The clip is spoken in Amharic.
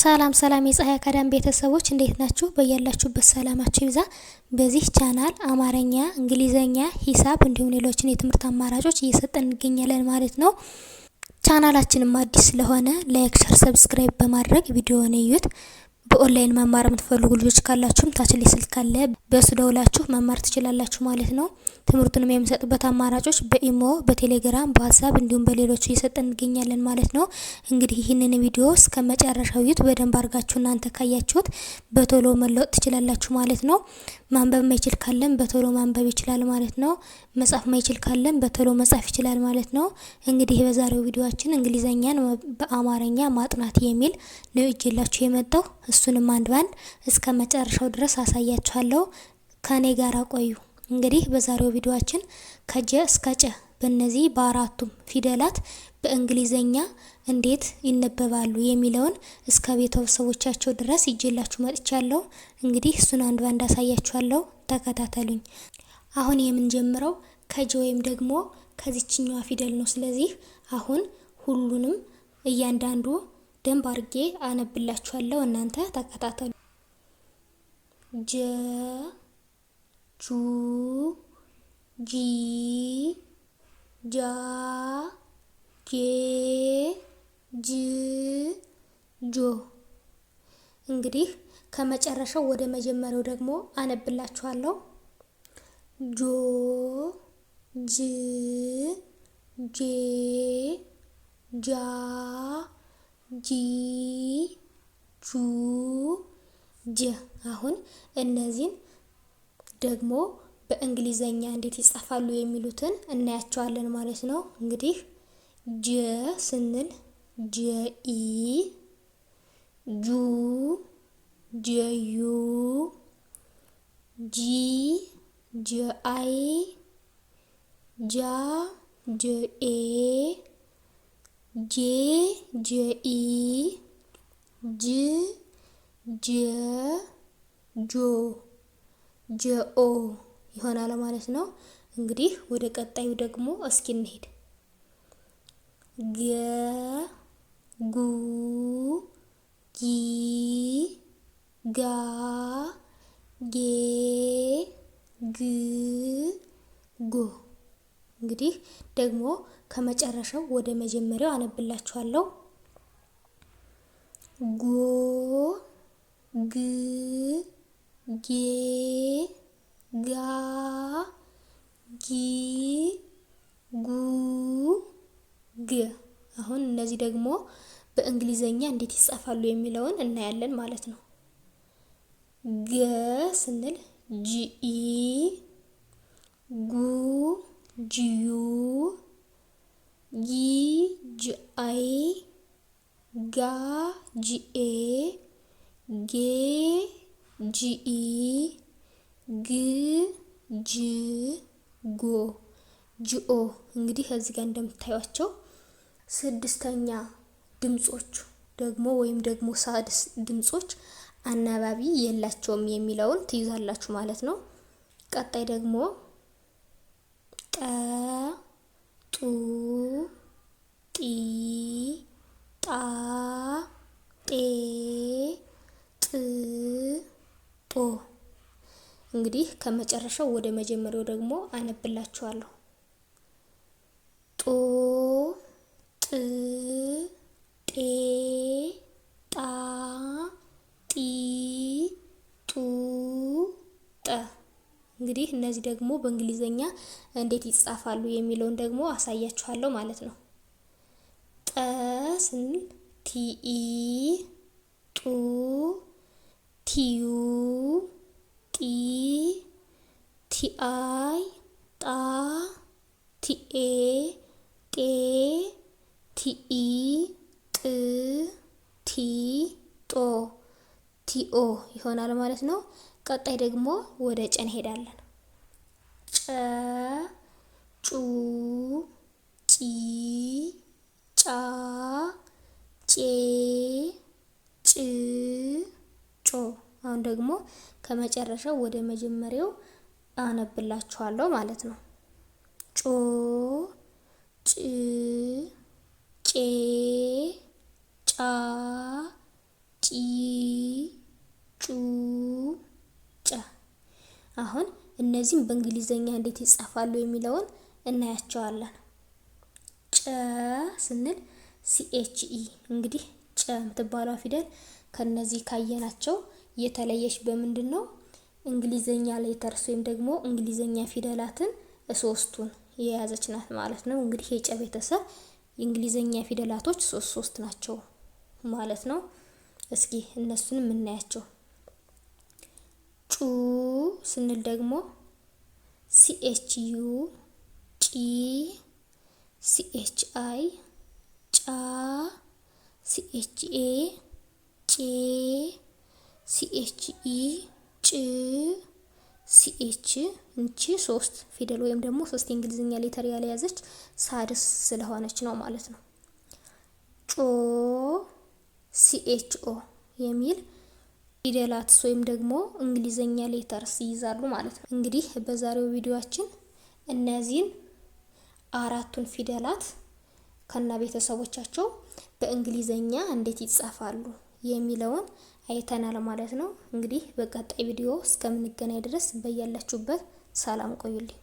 ሰላም ሰላም የፀሐይ አካዳሚ ቤተሰቦች እንዴት ናችሁ? በያላችሁበት ሰላማችሁ ይብዛ። በዚህ ቻናል አማርኛ፣ እንግሊዘኛ፣ ሂሳብ እንዲሁም ሌሎችን የትምህርት አማራጮች እየሰጠን እንገኛለን ማለት ነው። ቻናላችንም አዲስ ስለሆነ ላይክ፣ ሸር፣ ሰብስክራይብ በማድረግ ቪዲዮውን እዩት። በኦንላይን መማር የምትፈልጉ ልጆች ካላችሁም ታች ላይ ስልክ ካለ በሱ ደውላችሁ መማር ትችላላችሁ ማለት ነው። ትምህርቱንም የምንሰጥበት አማራጮች በኢሞ፣ በቴሌግራም፣ በዋትሳፕ እንዲሁም በሌሎቹ እየሰጠን እንገኛለን ማለት ነው። እንግዲህ ይህንን ቪዲዮ እስከ መጨረሻው ዩት በደንብ አድርጋችሁ እናንተ ካያችሁት በቶሎ መለወጥ ትችላላችሁ ማለት ነው። ማንበብ ማይችል ካለም በቶሎ ማንበብ ይችላል ማለት ነው። መጻፍ ማይችል ካለም በቶሎ መጻፍ ይችላል ማለት ነው። እንግዲህ በዛሬው ቪዲዮችን እንግሊዘኛን በአማርኛ ማጥናት የሚል ነው ይዤላችሁ የመጣው እሱንም አንድ ባንድ እስከ መጨረሻው ድረስ አሳያችኋለሁ። ከእኔ ጋር ቆዩ። እንግዲህ በዛሬው ቪዲዮችን ከጀ እስከ ጨ በእነዚህ በአራቱም ፊደላት በእንግሊዘኛ እንዴት ይነበባሉ የሚለውን እስከ ቤተሰቦቻቸው ድረስ ይጀላችሁ መጥቻለሁ። እንግዲህ እሱን አንድ ባንድ አሳያችኋለሁ። ተከታተሉኝ። አሁን የምንጀምረው ከጀ ወይም ደግሞ ከዚችኛዋ ፊደል ነው። ስለዚህ አሁን ሁሉንም እያንዳንዱ ደንብ አርጌ አነብላችኋለሁ። እናንተ ተከታተሉ። ጀ ጁ ጂ ጃ ጄ ጅ ጆ። እንግዲህ ከመጨረሻው ወደ መጀመሪያው ደግሞ አነብላችኋለሁ። ጆ ጅ ጄ ጃ ጂ ጁ ጅ። አሁን እነዚህን ደግሞ በእንግሊዘኛ እንዴት ይጻፋሉ የሚሉትን እናያቸዋለን ማለት ነው። እንግዲህ ጀ ስንል ጀኢ ጁ ጀዩ ጂ ጀአይ ጃ ጀኤ J J I J J J O J O Yohana lo manis no Ngeri Wada kata yuda gemu O skin head G G G G G G G G G G እንግዲህ ደግሞ ከመጨረሻው ወደ መጀመሪያው አነብላችኋለሁ። ጎ ግ ጌ ጋ ጊ ጉ ግ። አሁን እነዚህ ደግሞ በእንግሊዘኛ እንዴት ይጻፋሉ የሚለውን እናያለን ማለት ነው። ገ ስንል ጂኢ ጉ ጂዩ ጊ ጂአይ ጋ ጂኤ ጌ ጂኢ ግ ጅ ጎ ጂኦ እንግዲህ እዚህ ጋር እንደምታዩቸው ስድስተኛ ድምጾች ደግሞ ወይም ደግሞ ሳድስ ድምጾች አናባቢ የላቸውም የሚለውን ትይዛላችሁ ማለት ነው። ቀጣይ ደግሞ ጠ ጡ ጢ ጣ ጤ ጥ ጦ እንግዲህ ከመጨረሻው ወደ መጀመሪያው ደግሞ አነብላችኋለሁ ጦ እንግዲህ እነዚህ ደግሞ በእንግሊዘኛ እንዴት ይጻፋሉ የሚለውን ደግሞ አሳያችኋለሁ ማለት ነው። ጠ ስንል ቲኢ ጡ ቲዩ ጢ ቲአይ ጣ ቲኤ ጤ ቲኢ ጥ ቲ ጦ ቲኦ ይሆናል ማለት ነው። ቀጣይ ደግሞ ወደ ጨ እንሄዳለን። ጨ ጩ ጪ ጫ ጬ ጭ ጮ። አሁን ደግሞ ከመጨረሻው ወደ መጀመሪያው አነብላችኋለሁ ማለት ነው። ጮ ጭ ጬ ጫ እነዚህም በእንግሊዘኛ እንዴት ይጻፋሉ የሚለውን እናያቸዋለን። ጨ ስንል ሲኤችኢ እንግዲህ ጨ የምትባለው ፊደል ከነዚህ ካየናቸው የተለየች በምንድን ነው? እንግሊዘኛ ሌተርስ ወይም ደግሞ እንግሊዘኛ ፊደላትን ሶስቱን የያዘች ናት ማለት ነው። እንግዲህ የጨ ቤተሰብ የእንግሊዘኛ ፊደላቶች ሶስት ሶስት ናቸው ማለት ነው። እስኪ እነሱንም እናያቸው። ጩ ስንል ደግሞ ሲኤች ዩ ጪ ሲኤች አይ ጫ ሲኤች ኤ ጬ ሲኤች ኢ ጭ ሲኤች እንቺ ሶስት ፊደል ወይም ደግሞ ሶስት የእንግሊዝኛ ሌተር ያልያዘች ሳድስ ስለሆነች ነው ማለት ነው። ጮ ሲኤች ኦ የሚል ፊደላት ወይም ደግሞ እንግሊዘኛ ሌተርስ ይይዛሉ ማለት ነው። እንግዲህ በዛሬው ቪዲዮአችን እነዚህን አራቱን ፊደላት ከና ቤተሰቦቻቸው በእንግሊዘኛ እንዴት ይጻፋሉ የሚለውን አይተናል ማለት ነው። እንግዲህ በቀጣይ ቪዲዮ እስከምንገናኝ ድረስ በያላችሁበት ሰላም ቆዩልኝ።